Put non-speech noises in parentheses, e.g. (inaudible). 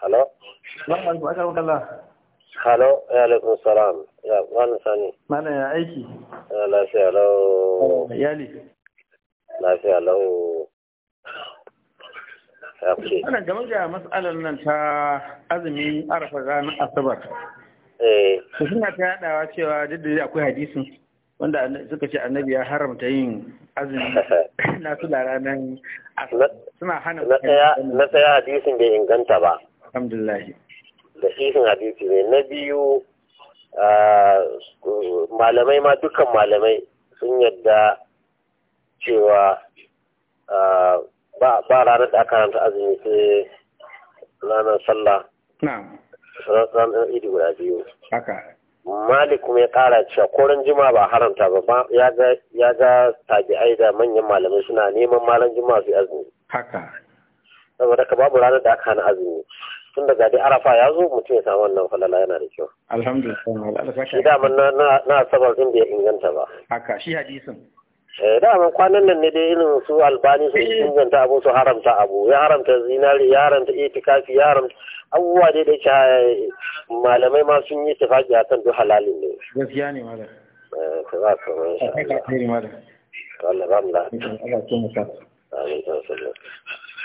Halo. Salamu alaikum aka wakala. Halo, ya alaikum salam. Ya, wani sani. Mana ya aiki? Ya lafiya lau. Iyali. Lafiya Ana game da matsalar nan ta azumi arafa ranar asabar. Eh. Suna ta cewa duk da akwai wanda suka ce annabi ya haramta yin azumi (laughs) na da ranar suna hana na tsaya hadisin bai inganta ba alhamdulillah da isin hadisi ne na biyu malamai ma dukkan malamai sun yadda cewa ba ranar da aka ranta azumi sai ranar sallah ranar idi guda biyu malik kuma ya kara cewa koren jima ba haramta ba ya ga tabi'ai da manyan malamai suna neman malam jima su azumi haka saboda ka babu ranar da aka hana azumi tun daga dai arafa ya zo mutum ya samu wannan falala yana da kyau alhamdulillah shi daman na asabar din bai inganta ba haka shi hadisin eh daman kwanan nan ne dai irin su albani su eh. inganta abu su haramta abu ya haramta zinari ya haramta itikafi ya haramta abubuwa dai da yake eh, malamai ma sun yi tafaki a kan duk halalin ne gaskiya ne eh, za ka Allah ba mu Allah